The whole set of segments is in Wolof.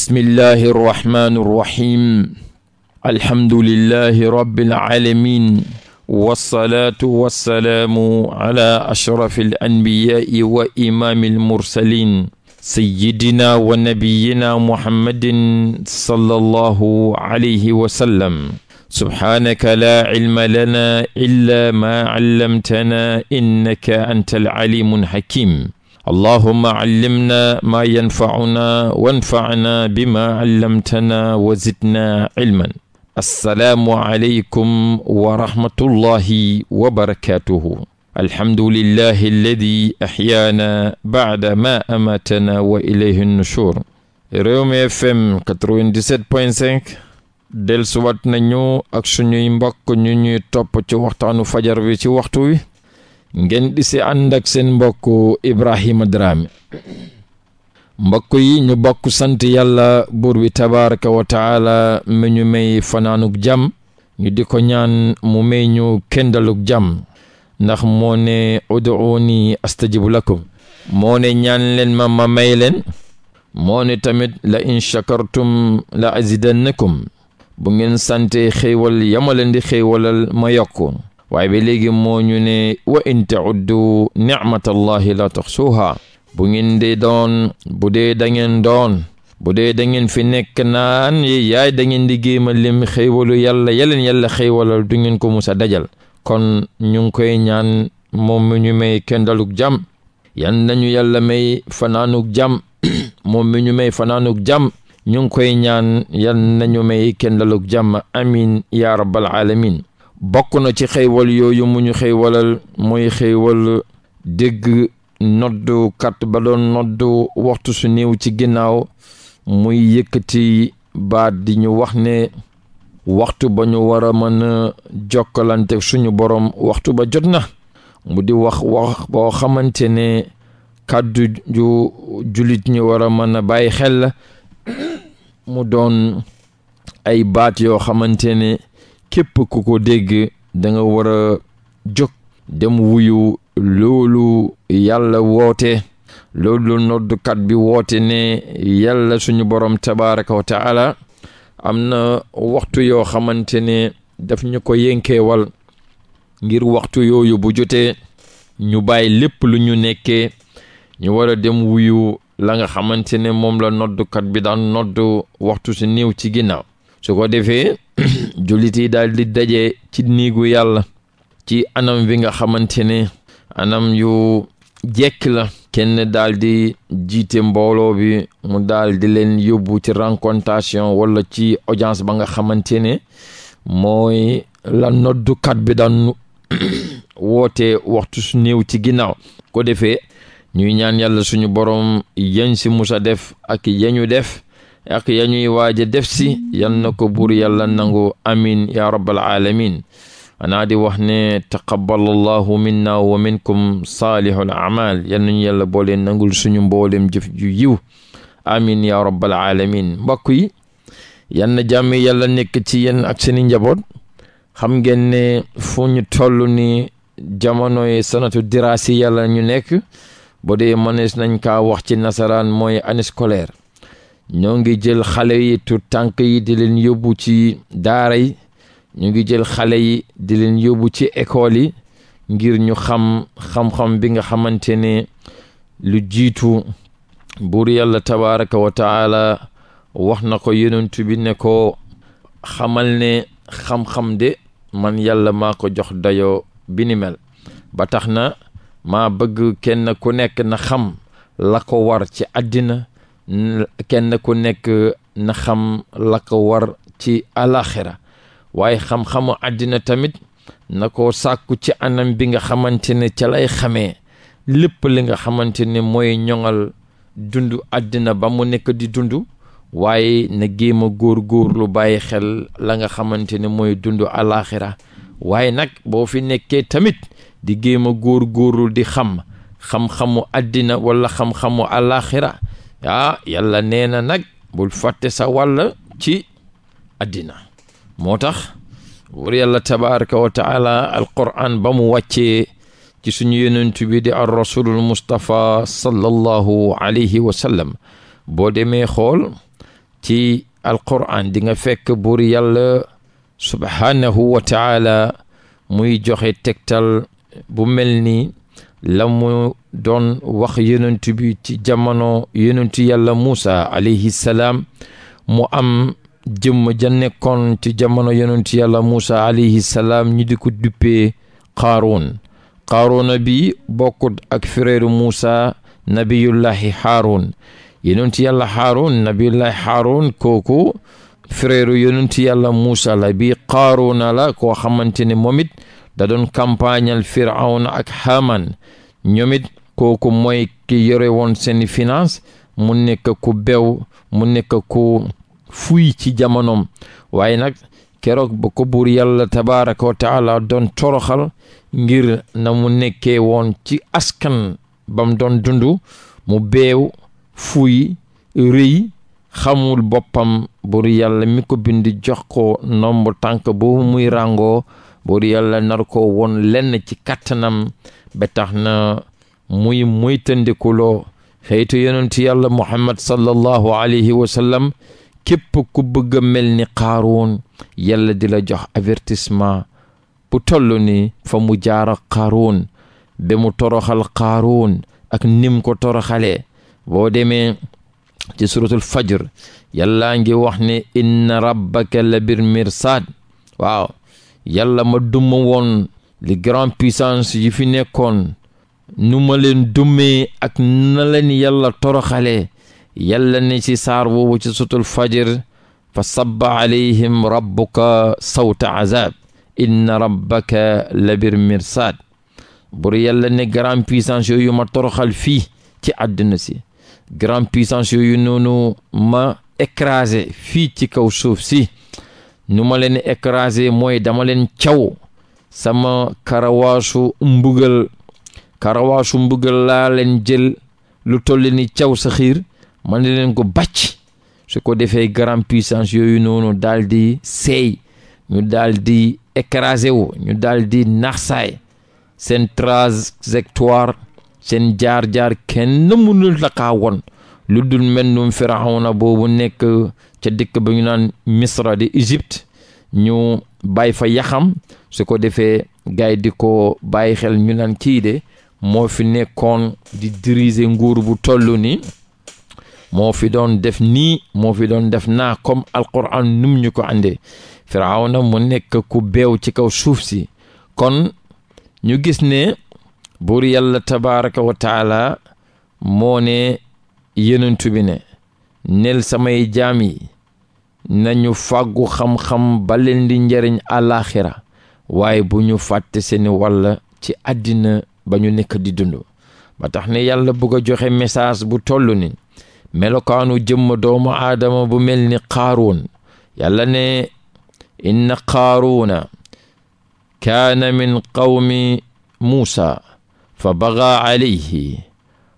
bismillahi irrahmani irrahim alhamdulillahi rabbil alamin wasalaatu wasalaamu ala ashrafi alanbiyaai wa imaami almursalin sayidina wa nabiyina muhammadin sallallahu alayhi wa sallam subhaanaka laa cilma lanaa illaa maa callamtanaa innaka anta alcaliimu alxakiim allahuma callimna maa yanfacunaa wanfacnaa bimaa callamtanaa wa zidnaa cilman assalaamu aleykum wa rahmatullahi wa barakaatuhu alhamdulillahi alladi axyaana bacda maa amaatanaa wa ilayhi nushur Rewmi FM 97.5 dellusiwaat nañu ak suñuy mbokk ñu ñuy topp ci waxtaanu fajar wi ci waxtu wi ngeen di si ànd seen mbokku Ibrahima Drame mbokk yi ñu bokk sant yàlla buur bi tabaraka wa taala mi ñu may fanaanuk jàmm ñu di ko ñaan mu may ñu kendaluk jàmm ndax moo ne ud'uuni astajibu lakum moo ñaan leen ma ma may leen moone tamit la in shakartum la azidannakum bu ngeen sante xéewal yama leen di xéewalal ma yokku waaye ba léegi moo ñu ne wa in tauddu nicmatallahi la tuxsuha bu ngeen de doon bu dee da ngeen doon bu dee dangeen fi nekk naan yaay da ngeen di géema lim xéewalu yàlla yeleen yàlla xéewalal du ngeen ko musa dajal kon ñu ngi koy ñaan moom mi ñu kendaluk jàmm yan nañu yàlla may fanaanuk jàmm moom mi ñu may fanaanuk jàmm ñu ngi koy ñaan yan nañu may kendaluk jàmm amin ya rabbal alamin bokk na ci xéewal yooyu mu ñu xéewalal mooy xéewal dégg noddukat ba doon noddu waxtu su niw ci ginnaaw muy yëkkati baat di ñu wax ne waxtu ba ñu war a mën a jokkalante suñu borom waxtu ba jot na mu di wax wax boo xamante ne kàddu ju jullit ñu war a mën a bàyyi xel mu doon ay baat yoo xamante ne képp ku ko dégg danga nga war a jóg dem wuyu loolu yàlla woote loolu noddkat bi woote ne yàlla suñu borom tabaraka wa am na waxtu yoo xamante ne daf ñu ko yénkeewal ngir waxtu yooyu bu jotee ñu bàyyi lépp lu ñu nekkee ñu war a dem wuyu la nga xamante ne moom la noddukat bi daan noddu waxtu si néew ci ginnaaw ko defee jullit yi daal daje ci niigu yàlla ci anam bi nga xamante ne anam yu jekk la kenn daal jiite mbooloo bi mu daldi leen yóbbu ci rencontation walla ci audience ba nga xamante ne mooy la noddukat bi daan woote waxtu su néew ci ginnaaw ko defee ñuy ñaan yàlla suñu borom yañ si musa def ak yañu def ak ya ñuy waaj a def si yal na ko buur yàlla nangu amin ya rabbal alamin anaa di wax ne taqabbalallahu minna wa minkum saalihul amal yal nañu yàlla boole nangul suñu mbooleem jëf yiw amin ya rabbal alamin mbokk yi yal na jàmm yàlla nekk ci yéen ak seeni njaboot xam ngeen ne fu ñu toll ni jamonoy sanatu diraasi yàlla ñu nekk bu dee mënees nañ ka wax ci nasaraan mooy année scolaire ñoo ngi jël xale yi tu tànk yi di leen yóbbu ci daara yi ñu ngi jël xale yi di leen yóbbu ci ekool yi ngir ñu xam xam-xam bi nga xamante ne lu jiitu buur yàlla tabaraka wa taala wax na ko yonentu bi ne ko xamal ne xam-xam de man yàlla maa ko jox dayo bi mel ba tax na maa bëgg kenn ku nekk na xam la ko war ci àddina kenn ku nekk na xam la ko war ci alaxira waaye xam-xamu àddina tamit na ko sàkku ci anam bi nga xamante ne ca lay xame lépp li nga xamante ne mooy ñoŋal dund àddina ba mu nekk di dundu waaye na géem a góor-góor lu bàyyi xel la nga xamante ne mooy dundu alaxira waaye nag boo fi nekkee tamit di géem a góor-góorlu di xam xam-xamu àddina walla xam-xamu alaxira ah yàlla nee na nag bul fatte sa wàll ci àddina moo tax wur yàlla tabaraka wa taala alquran ba mu wàccee ci suñu yonent bi di ar mustafa mustapha sallallahu alayhi boo demee xool ci alquran di nga fekk buur yàlla subhaanahu wa taala muy joxe tegtal bu mel ni la doon wax yonent bi ci jamono yonentu yàlla Muusa alayhi salaam mu am jëmm ja nekkoon ci jamono yonentu yàlla Muusa alayhi salaam ñi di ko duppee Qaaruun Qaaruuna bi bokkut ak frère Muusa nabiyullahi Haaruun yonentu yàlla Haaruun nabiyullahi Haaruun kooku frère yonentu yàlla Muusa la bi Qaaruuna la koo xamante ne moom da doon campagneal firawn ak xaaman ñoom it kooku mooy ki yore woon seeni finance mu nekk ku bew mu nekk ku fuy ci jamonoom waaye nag keroog ba ko buur yàlla tabaraka wa doon toroxal ngir na mu nekke woon ci askan bam doon dundu mu beew fuy rëy xamul boppam buur yàlla mi ko bind jox ko nomb tànk boobu muy ràngoo buur yàlla nar ko won lenn ci kàttanam ba tax na muy muy tëndikuloo xëytu yonentu yàlla muhammad sallallahu alayhi wa sallam képp ku bëgg a mel ni xaaroon yàlla di la jox avertissement bu toll ni fa mu jaara xaaroon ba mu toroxal xaaroon ak nim ko toroxalee boo demee ci suratul fajr yàlla ngi wax ni inna rabbaka la bir mirsaad waaw yàlla ma duma woon les grandes puissances yi fi nekkoon nu ma leen dummee ak na leen yàlla toroxale yalla ne si saar boobu ci sutul fajir fa sabba alayhim rabbuka sawta azab inna rabbaka labir mirsad bur yàlla ne grand puissance yu ma toroxal fii ci àdduna si grand puissance yooyu noonu ma écrasé fii ci kaw suuf si nu ma leen écrasé mooy dama leen caw sama karawaasu mbugal karawaasu mbugal laa leen jël lu toll ni caw sa xiir man leen ko bàcc su ko defee grande puissance yooyu noonu daal di seey ñu daal écrasé wu ñu daldi di naxsaay seen trajectoire seen jaar-jaar kenn mënul la kaa woon lu dul mbëndum firawna boobu nekk ca dëkk ba ñu naan misra di Égypte ñu bàyyi fa yaxam su ko defee gaay di ko bàyyi xel ñu naan kii de moo fi nekkoon di diriger nguur bu toll ni moo fi doon def nii moo fi doon def naa comme alquran num ñu ko àndee firawna mu nekk ku beew ci kaw suuf si kon ñu gis ne buur yàlla tabaraka wa moo ne yonent ne nel samay jaam yi nañu fàggu xam-xam ba leen njariñ àllaaxira waaye bu ñu fàtte seeni walla ci àddina ba ñu nekk di dundu ba tax ne yàlla bëgg a joxe message bu toll ni melokaanu jëmm doomu aadama bu mel ni qaaruun yàlla ne inna qaaruuna kaana min qawmi muusa fa bagaa alayhi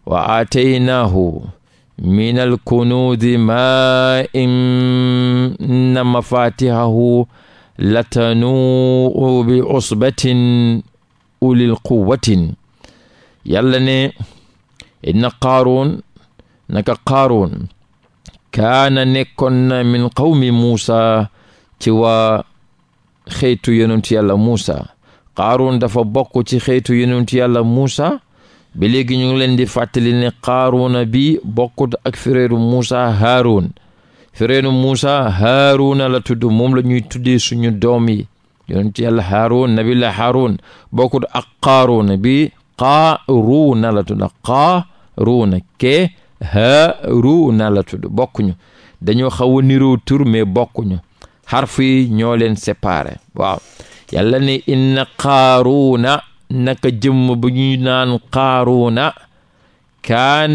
wa aataynaahu min alkunuuzi ma inna mafatihahu latanuu bi usbatin ulil quwatin yàlla ne inna qaaroon naka qaaroon kaana nekkoon na min qawmi muusa ci waa xeetu yonentu yàlla muusa qaaroon dafa bokk ci xeetu yonentu yàlla muusa ba léegi ñu ngi leen di fàttali ne xaaruuna bi bokkut ak fireeru Muusa Haaruun fireeru Muusa Haaruuna la tudd moom la ñuy tuddee suñu doom yi yonent yàlla Haaruun nabi la Haaruun bokkut ak xaaruuna bi xaaruuna la tudd xaaruuna ke haaruuna la tudd bokkuñu dañoo xaw a niroo tur bokkuñu xarf yi ñoo leen séparé waaw yàlla ne inna xaaruuna naka jëmm bu ñu naan qaaruuna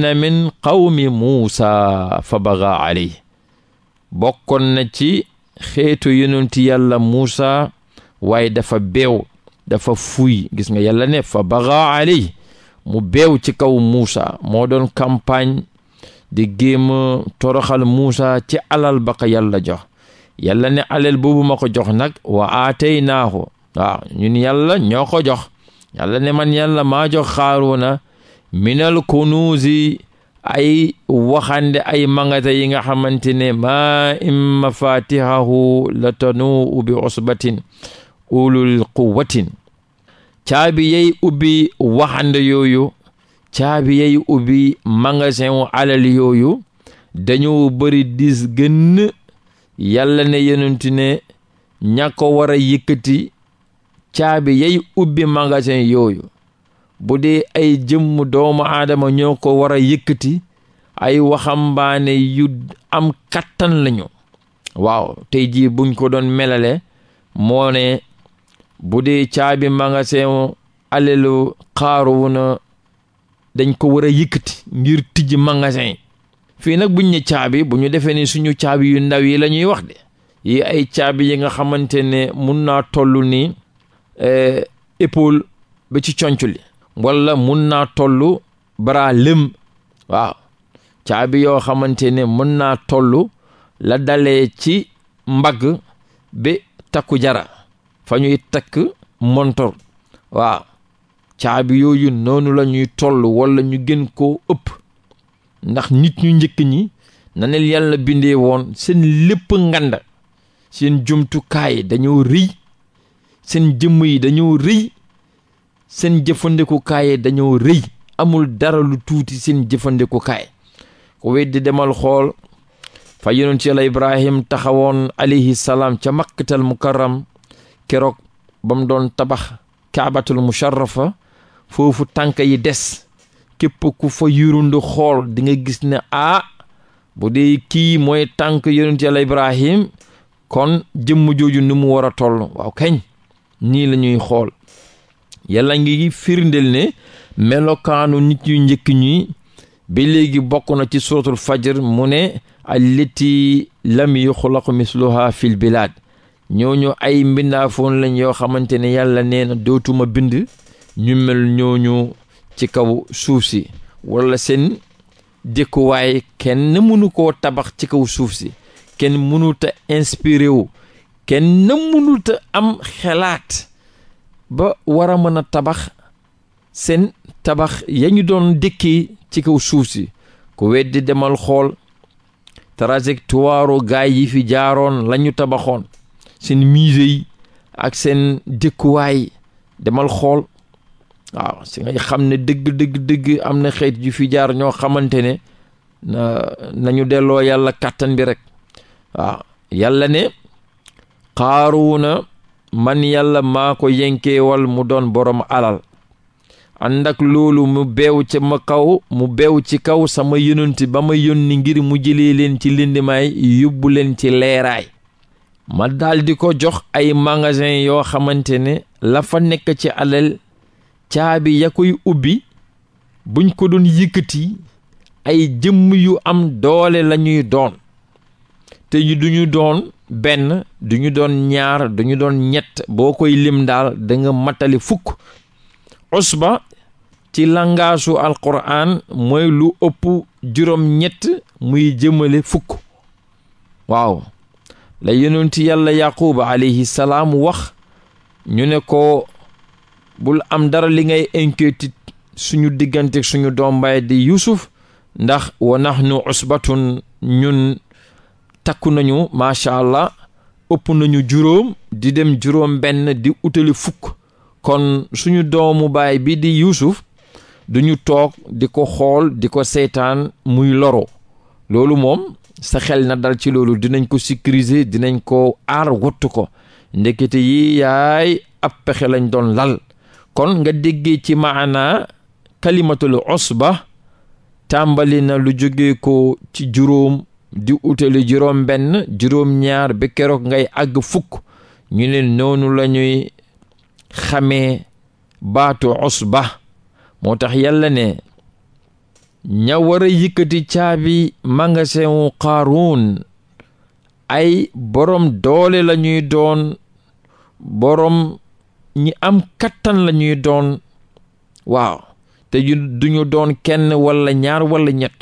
na min qawmi muusa fa baga aley bokkoon na ci xeetu yonenti yàlla muusa waaye dafa beew dafa fuuy gis nga yàlla ne fa baga aley mu beew ci kaw muusa moo doon campagne di géema toroxal muusa ci alal ba ko yàlla jox yàlla ne alal boobu ma jox nag wa aataynaahu waaw ñun yàlla ñoo ko jox yàlla ne man yàlla maa jox xaaruuna minal kunuusi ay waxande ay mangata yi nga xamante ne maa im mafatihahu la tanuu usbatin ulul quwatin caabi yey ubbi waxande yooyu caabi yey ubbi magasin wu alal yooyu dañoo bëri dis gënn yàlla ne yenunti ne ña ko caabi yay ubbi magasin yooyu bu dee ay jëmm doomu aadama ñoo ko war a yëkkati ay waxambaane yu am kattan lañu waaw tey jii buñ ko doon melale moo bu dee caabi magasin alelu xaaruwu na dañ ko war a yëkkati ngir tijji magasin fii nag buñ caabi bu ñu defee ni suñu caabi yu ndaw yi la wax de yi ay caabi yi nga xamante ne mun naa toll nii Eh, épaule ba ci conculi wala mun naa tollu bara lëm waaw caabi yoo xamante ne mën naa tollu la dalee ci mbagg ba takku jara fa ñuy takk montor waaw caabi yooyu noonu la ñuy toll wala ñu gën ko ëpp ndax nit ñu njëkk ñi na leen bindee woon seen lépp nganda seen jumtukaay dañoo rëy seen jëmm yi dañoo rëy seen jëfandikukaay yi dañoo rëy amul dara lu tuuti seen jëfandikukaay ku weddi demal xool fa yonent yàlla Ibrahim taxawoon alayhi salaam ca makkatal mukarram keroog ba mu doon tabax kaabatul musharrafa foofu tànk yi des képp ku fa yurundu xool dinga gis ne ah bu dee kii mooy tànk yonent yàlla Ibrahim kon jëmm jooju ni mu war a toll waaw kañ nii lañuy xool yàlla ngi firndeel ne melokaanu nit yu njëkk ñi ba léegi bokk na ci suratul fajr mu ne allati lam yuxlaq misluha fil bilaad ñooñu ay mbindaafoon lañ yoo xamante ne yàlla nee na dootuma bind ñu mel ñooñu ci kaw suuf si wala seen dëkkuwaay kenn mënu tabax ci kaw suuf si kenn mënu ta inspiré wu kenn mënul te am xelaat ba war a mën a tabax seen tabax ya doon dëkkee ci kaw suuf si ku weddi demal xool trajectoire gaay yi fi jaaroon lañu tabaxoon seen musée yi ak seen dëkkuwaay demal xool waaw si ngay xam ne dëgg dëgg dëgg am na xeet yu fi jaar ñoo xamante ne na nañu delloo yàlla kàttan bi rekk waaw yàlla ne qaaruuna man yàlla maa ko yenkeewal mu doon borom alal ànd ak loolu mu bew ca ma kaw mu beew ci kaw sama yonent ba ma yónni ngir mu jëlee leen ci lindimaay yóbbu leen ci leeraay ma daldi ko jox ay magasin yoo xamante ne lafa nekk ci alal caabi ya koy ubbi buñ ko doon yëkkati ay jëmm yu am doole lañuy doon te ñu duñu doon benn du ñu doon ñaar du ñu doon ñett boo koy lim daal danga mattali fukk usba ci langaasu alquran moy lu ëpp juróom-ñett muy jëmale fukk waaw la yonenti yàlla yaquba alayhi salaam wax ñu ne ko bul am dara li ngay inquiétude suñu diggante suñu doom baay di yusuf ndax wa nahnu usbatun ñun takku nañu macha allah ëpp nañu juróom di dem juróom benn di utali fukk kon suñu doomu baay bi di yuusuf ñu toog di ko xool di ko seetaan muy loro loolu moom sa xel na dal ci loolu dinañ ko sécuriser dinañ ko aar wattu ko ndekete yi yaay ab pexe lañ doon lal kon nga déggee ci maanaa os ba tàmbali na lu jóge ko ci juróom di utali juróom benn juróom ñaar ba keroog ngay àgg fukk ñu ne noonu la ñuy xamee baatu usba moo tax yàlla ne ña war a yëkkati caabi magasin wu Qaaruun ay borom doole la ñuy doon borom ñi am kattan la ñuy doon waaw te duñu doon kenn walla ñaar walla ñett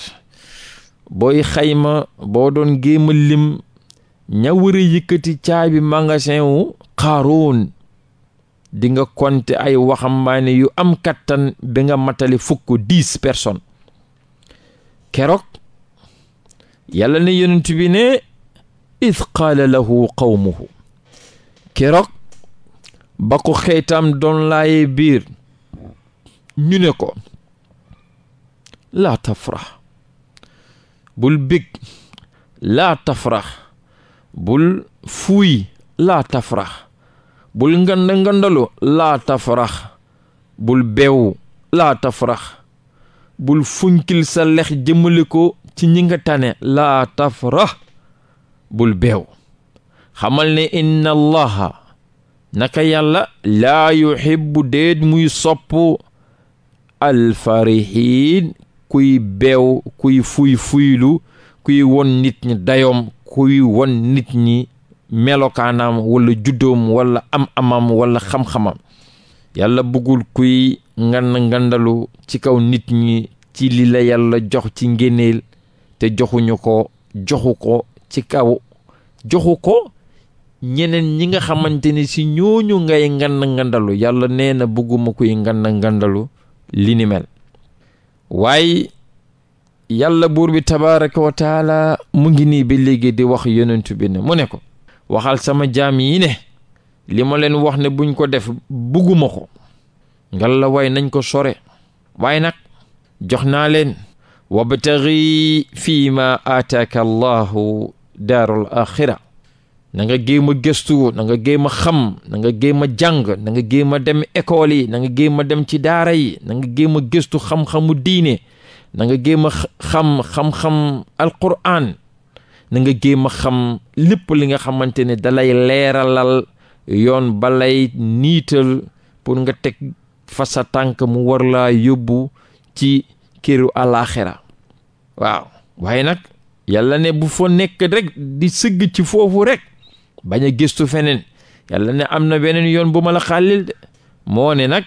booy xayma boo doon géema lim ña wër caabi magasin wu xaaroon di konte ay waxambaane yu am kattan bi nga matali fukk dix personnes keroog yàlla ne yonent bi ne id qaala lahu qawmuhu keroog ba ko xeetam doon laaye biir ñu ne ko laa tafrax bul big laa tafrax bul fuuy laa tafrax bul nganda ngandalu laa tafrax bul beewu laa tafrax bul funkil sa lex jëmale ko ci ñi nga tane laa tafrax bul beew xamal ne inna allaha naka yàlla laa yuhibbu déet muy sopp alfarihin kuy beew kuy fuy fuylu kuy won nit ñi dayoom kuy won nit ñi melokaanaam wala juddoom wala am amam wala xam-xamam yàlla bëggul kuy ngand ngandalu ci kaw nit ñi ci li yàlla jox ci ngéneel te joxuñu ko joxu ko ci kaw joxu ko ñeneen ñi nga xamante ni si ñooñu ngay ngand ngandalu yàlla nee na bëgguma kuy ngand ngandalu li ni mel waaye yàlla buur bi tabaraka mu ngi nii bi léegi di wax yonent bi ne mu ne ko waxal sama jaam yi ne li ma leen wax ne buñ ko def bugguma ko ngal la nañ ko sore waaye nag jox naa leen wabtaghi fii ma aataaka allahu daarul axira na nga géem a gëstu na nga a xam na nga géem a jàng na nga géem a dem école yi na nga géem a dem ci daara yi na nga géem a gëstu xam-xamu diine nanga nga géem a xam xam-xam alquran na nga géem a xam lépp li nga xamante ne dalay leeralal yoon balay niital pour nga teg fa sa tànk mu war laa yóbbu ci këru alaaxira waaw waaye nag yàlla ne bu fa nekk rek di sëgg ci foofu rekk bañ a gistu feneen yàlla ne am na beneen yoon bu mala la de moo ne nag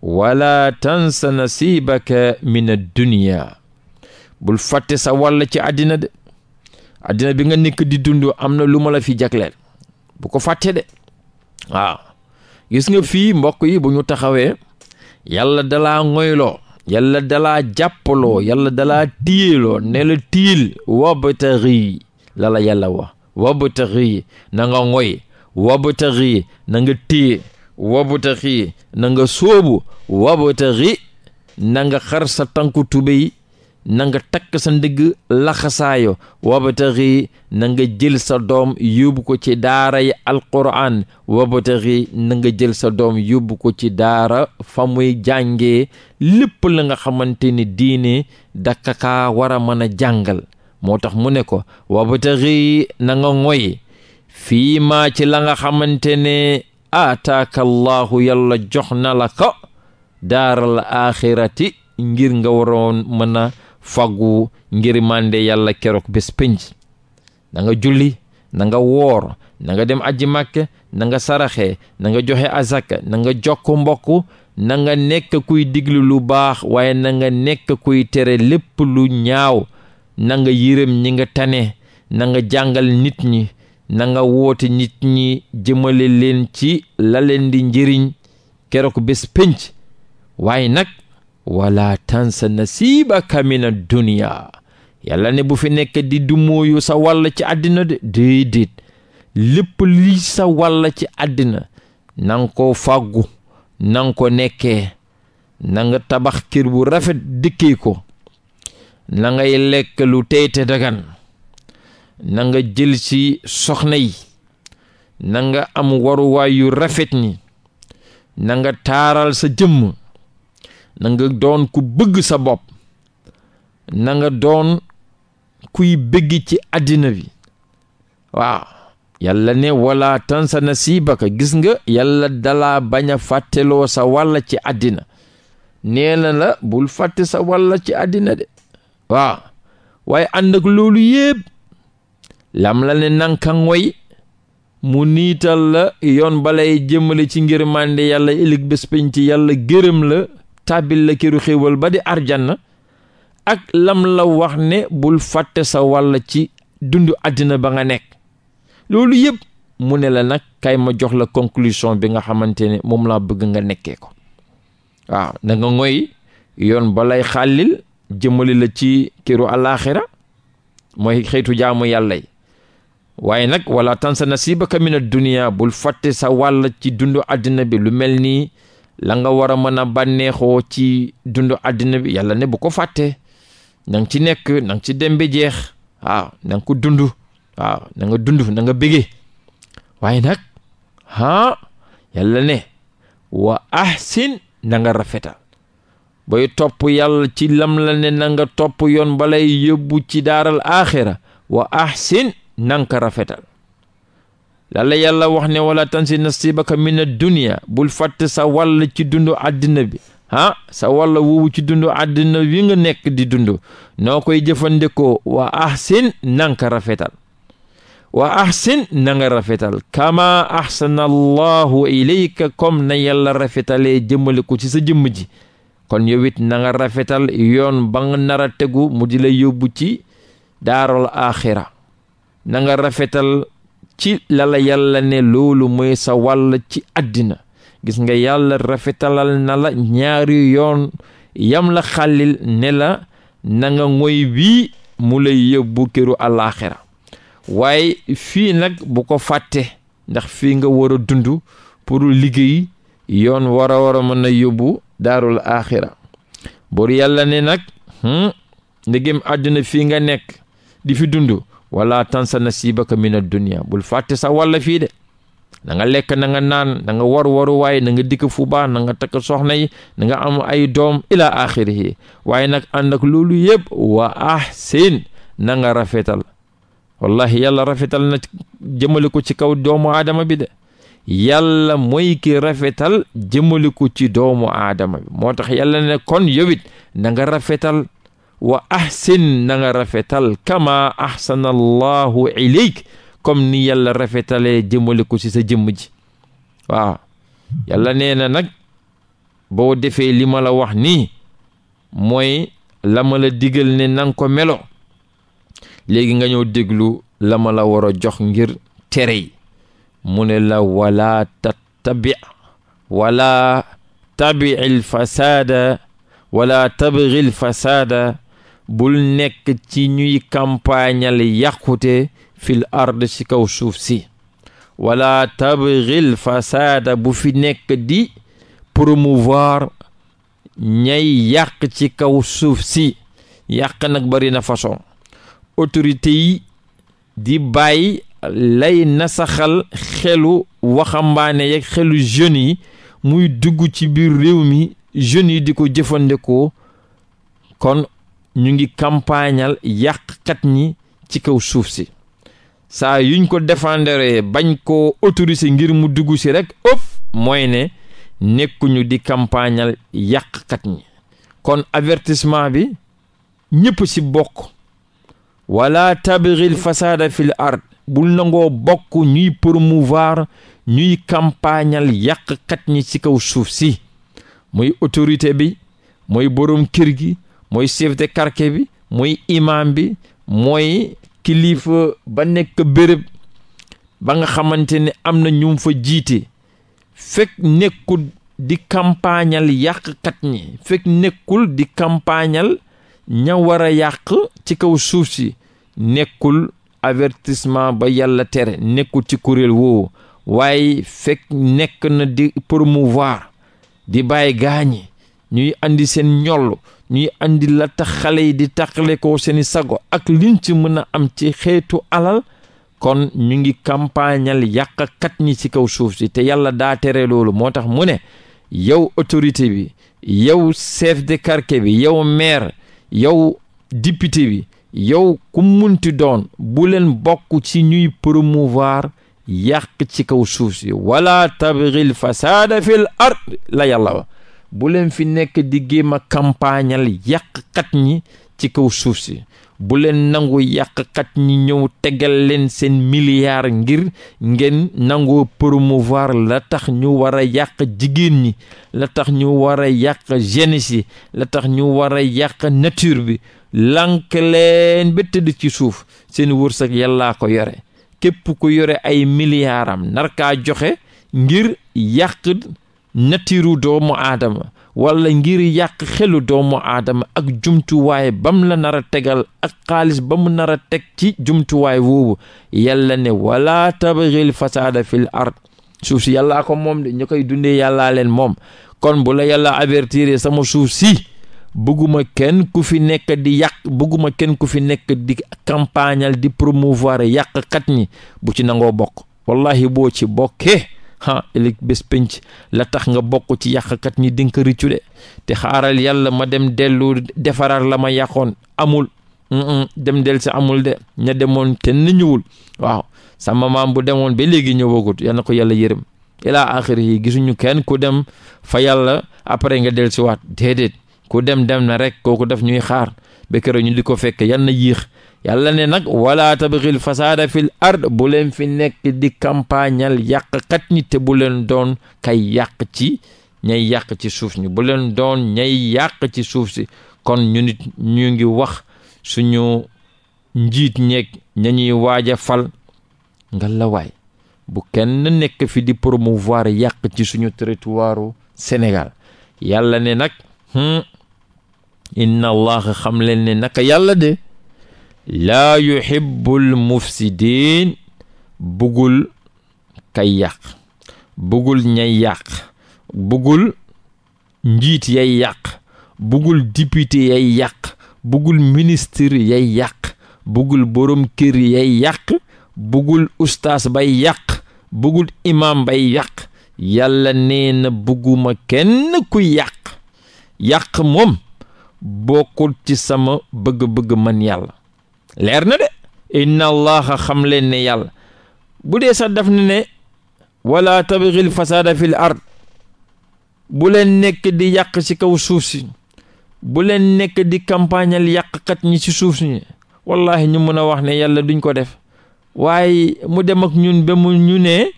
wala tansa nasibaka min ad-dunya bul fàtte sa walla ci àddina de àddina bi nga nikk di dund am na lu ma la fi jagleel bu ko fàtte de waaw gis nga fi mbokk yi bu ñu taxawee yàlla dalaa ngoyloo yàlla dalaa jàppaloo yàlla dalaa tiyeloo ne la tiil wabtaghi la la yàlla wax wabtaxi nanga nga ngoy wabtaxi nanga nga téye nanga na nga sóobu wabtaxi na nga xar sa tànku tubéy nanga takk sa ndigg laxasaayo wabtaxi na nga jël sa doom yóbbu ko ci daara yi alquran wabtaxi na nga jël sa doom yóbbu ko ci daara fa muy jàngee lépp la nga xamante ni diine dakakaa war a mën a jàngal moo tax mu ne ko wabtaxi na nga ngoy fii maa ci la nga xamante ne aataaka allahu yalla jox na la ko daaral axirati ngir nga waroon mën a faggu ngir mànde yàlla keroog bés pénc na julli nanga woor nanga dem aji màkk na nga saraxe na joxe azaka na nga jokk mbokk na nga nekk kuy diglu lu baax waaye nanga nga nekk kuy tere lépp lu ñaaw nanga nga yërëm ñi nga tane nanga jàngal nit ñi nanga woote nit ñi jëmale leen ci la leen di njëriñ keroog bés pénc waaye nag wala tansa nasiibaka mina duniya yàlla ne bu fi nekk di dumóoyu sa wàll ci àddina de déedéet lépp li sa wàll ci àddina na nga ko fàggu na ko nekkee na tabax kër bu rafet dëkkee na ngay lekk lu tey dagan na jël ci soxna yi na nga am waruwaay yu rafet ni na nga taaral sa jëmm na nga doon ku bëgg sa bopp na nga doon kuy bëgg ci àddina bi waaw yàlla ne wala tansa ko gis nga yàlla dalaa bañ a fàtteloo sa wàll ci àddina nee na la bul fàtte sa wàll ci àddina de waaw waaye ànd ak loolu yépp lam la ne nanka ngoy mu niital la yoon balay jëmmale ci ngir màndi yàlla ëllëg bés penc yàlla gërëm la tàbbil la këru xéewal ba di arjanna ak lam la wax ne bul fàtte sa wàll ci dundu àddina ba nga nekk loolu yépp mu ne la nag kay ma jox la conclusion bi nga xamante ne moom laa bëgg nga nekkee ko waaw da nga ngoy yoon balay xàllil jëmmali la ci këru alaaxira mooy xeetu jaamu yàlla yi waaye nag walla tansa nasibaka min ad-dunya bul fàtte sa wàll ci dundu àddina bi lu mel nii la nga war a mën a banneexoo ci dundu àddina bi yàlla ne bu ko fàtte na ci nekk na ci dem bi jeex waaw na ko dund waaw na nga dund na waaye nag ah yàlla ne wa ahsin nanga rafeta booy topp yàlla ci lam la ne topp yoon balay yóbbu ci daaral aaxira wa ahsin nanka rafetal lalla yàlla wax ne wala tansi nasibaka min ad-dunya bul fàtte sa wàll ci dundu àddina bi ah sa wàll woowu ci dundu àddina wi nga nekk di dundu noo koy jëfandikoo wa ahsin nanka rafetal wa ahsin nanga rafetal kama ahsana allahu ilayka comme na yàlla rafetalee jëmmale ko ci sa jëmm ji kon yow nanga rafetal yoon ba nga nar tegu mu di la yóbbu ci daarul aaxira nanga rafetal ci lala la yàlla ne loolu mooy sa wàll ci àddina gis nga yàlla rafetalal nala ñaari yoon yam la xàllil ne la nanga nga ngoy bii mu la yóbbu këru alaaxira waaye fii nag bu ko fàttee ndax fii nga war a dund pour liggéey yoon war a war a mën a yóbbu daarul aaxira buur yàlla ne nag hmm, ndegem àdduna fii nga nekk di fi dund sa tansa nasibaka min ad-dunya bul fàtte sa walla fii de na lekk na nga naan na nga war waru waaye na nga dikk fu baax na nga takk soxna yi na nga am ay doom ila axirihi waaye nag ànd ak loolu yëpp wa ahsin na nga rafetal wallahi yàlla rafetal na jëmale ko ci kaw doomu aadama bi de yàlla mooy ki rafetal jëmale ko ci doomu aadama bi moo tax yàlla ne kon yowit na rafetal wa ahsin na rafetal kama ahsana allahu ilayk comme ni yàlla rafetalee jëmale ko ci sa jëmm ji waaw yàlla nee na nag boo defee li ma la wax nii mooy la ma la digal ne nanga ko melo léegi nga ñëw déglu la ma la war a jox ngir tere yi mu ne la wala tattabi wala tabi il fasaada wala tabri il fasaada bul nekk ci ñuy campagnal yàqute fil ard ci kaw suuf si wala tabri fasaada bu fi nekk di promouvoir ñay yàq ci kaw suuf si yàq nag barina na façon autorité yi di bàyyi lay nasaxal xelu waxambaane yeeg xelu jeunes yi muy dugg ci biir réew mi jeunes yi di ko jëfandikoo kon ñu ngi campagnal yàqkat ñi ci kaw suuf si saa yuñ ko défendre bañ ko autoriser ngir mu dugg si rek ëpp mooy ne nekkuñu di yàq kat ñi kon avertissement bi ñëpp ci bokk wala tabiril fasada fil ard bul nangoo bokk ñuy promouvoir ñuy yàq yàqkat ñi ci kaw suuf si muy autorité bi mooy boroom kër gi mooy chef de bi mooy imam bi mooy kilifa ba nekk béréb ba nga xamante ne am na ñu fa jiite fekk nekkul di yàq yàqkat ñi fekk nekkul di campagnal ña war yàq ci kaw suuf si nekkul avertissement ba yàlla tere nekkul ci kuréel woowu waaye fekk nekk na di promouvoir di bàyyi gaañi ñuy andi seen ñoll ñuy andi la tax xale yi di taqale ko seeni sago ak lim ci mën a am ci xeetu alal kon ñu ngi campagnal yàqkat ñi ci kaw suuf si te yàlla daa tere loolu moo tax mu ne yow autorité bi yow chef de quartier bi yow maire yow député bi yow ku munti doon bu leen bokk ci ñuy promouvoir yàq ci kaw suuf si wala tabgil fasaada fil ard la yàlla wa bu leen fi nekk di géem a yàq yàqkat ñi ci kaw suuf si bu leen nangu yàqkat ñi ñëw tegal leen seen milliard ngir ngeen nangoo promouvoir la tax ñu war a yàq jigéen ñi la tax ñu war a yàq jeunesse yi la tax ñu war a yàq nature bi lank leen ba ci suuf seen wërsëg yàllaa ko yore képp ko yore ay am narkaa joxe ngir yàq natiru doomu aadama walla ngir yàq xelu doomu aadama ak jumtuwaay bam la nar tegal ak xaalis ba mu nar a teg ci jumtuwaay woowu yàlla ne wala tabgil fasaada fil ard suuf si yàllaa ko moom de ñu koy dundee yàllaa leen moom kon bu la yàlla sama suuf si bëgguma kenn ku fi nekk di yàq bëgguma kenn ku fi nekk di campagnal di promouvoir kat ñi bu ci nangoo bokk wallahi boo ci bokkee ah ëllëg bés pénc la tax nga bokk ci yàqkat ñi di nga ko rëccu de te xaaral yàlla ma dem dellu defaraar la ma yàqoon amul dem dellu si amul de ña dem demoon kenn ñëwul waaw sama maam bu demoon ba léegi ñëwagut yal na ko yàlla yërëm ilaa axiri gisuñu kenn ku dem fa yàlla après nga del si waat déedéet ku dem dem na rek kooku def ñuy xaar ba keroog ñu di ko fekk yal na yéex yàlla ne nag wala tabxil fasaada fil ard bu leen fi nekk di campagnal yàqkat ñi te bu leen doon kay yàq ci ñay yàq ci suuf ñi bu leen doon ñay yàq ci suuf si kon ñu nit ñu ngi wax suñu njiit ñeeg ña ñuy waaja fal nga bu kenn nekk fi di promouvoir yàq ci suñu territoire Sénégal yàlla ne nag hmm, inna allaha xam leen ne naka yàlla de laa yuhibbul mufsidin bugul kay yàq bugul ñay yàq bugul njiit yay yàq bugul député yay yàq bugul ministre yay yàq bugul borom kër yay yàq bugul ustaas bay yàq bugul imam bay yàq yàlla nee na bugguma kenn kuy yàq yàq moom bokkul ci sama bëgg-bëgg man yàlla leer na de inna allaha xam leen ne yàlla bu dee sax daf ne ne wala tabxil fasaada fil ard bu leen nekk di yàq ci kaw suuf si bu leen nekk di campagnal yàqkat ñi ci suuf si wallahi ñu mën a wax ne yàlla duñ ko def waaye mu dem ak ñun ba mu ñu ne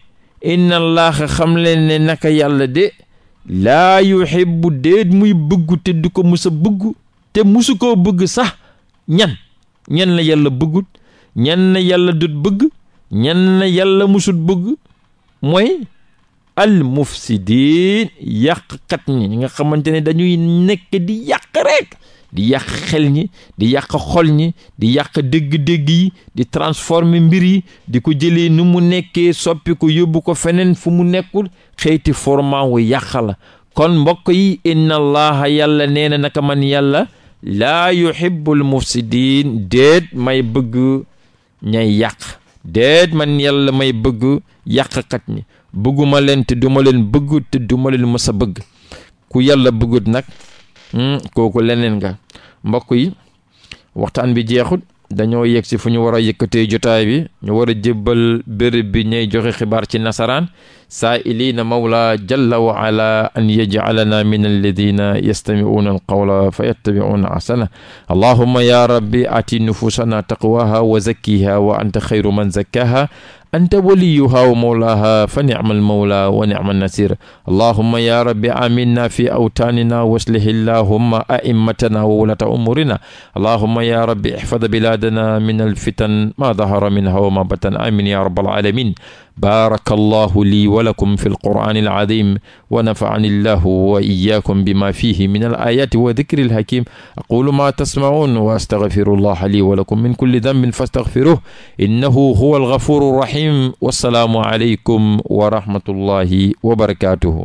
inna allaha xam leen ne naka yàlla de laa yuhibbu déet muy bëggu te du ko musa bëggu te musu koo bëgg sax ñan ñan la yàlla bëggut ñan la yàlla dut bëgg ñan na yàlla musut bëgg mooy al yàq kat ñi nga xamante ne dañuy nekk di yàq rekk di yàq xel ñi di yàq xol ñi di yàq dégg-dégg yi di transformer mbir yi di ko jële nu mu nekkee soppi ko yóbbu ko feneen fu mu nekkul xeeti format wu yàq la kon mbokk yi inna allaha yàlla nee na naka man yàlla laa yuhibbul mufsidin déet may bëgg ñay yàq déet man yàlla may bëgg yàqkat ñi bëgguma leen te duma leen bëgg te duma leen mës a bëgg ku yàlla bëggut nag Hmm, kooku leneen nga mbokk yi waxtaan bi jeexut dañoo yegg si fu ñu war a yëkkatee jotaay bi ñu war a jébbal béréb bi ñay joxe xibaar ci nasaraan saa'iliina mawla jalla wa ala an yaj'alana min alladina yastami'una alqawla fa yattabi'una ahsana allahumma ya rabbi ati nufusana taqwaha wa zakkiha wa anta xayru man zakkaha anta waliyuha wa mawlaha fa nicma almawla wa nicma nasir allahumma ya rabbi aminna fi awtaanina waslih allahumma a'immatana wa wulata umurina allahumma ya rabbi ihfad biladana min alfitan ma dahara minha wa ma batan amin ya rabbal alamin baaraka allahu lii walakum fi alqur'an alazim wa nafa'ani allahu wa iyaakum bima fihi min alayaati wa dikri alhakim aqulu ma tasma'un wa astaghfiru allaha lii walakum min kulli dambin fastaghfiruhu innahu huwa alghafuru rahim wassalaamu aleykum wa rahmatullahi wa barakatuhu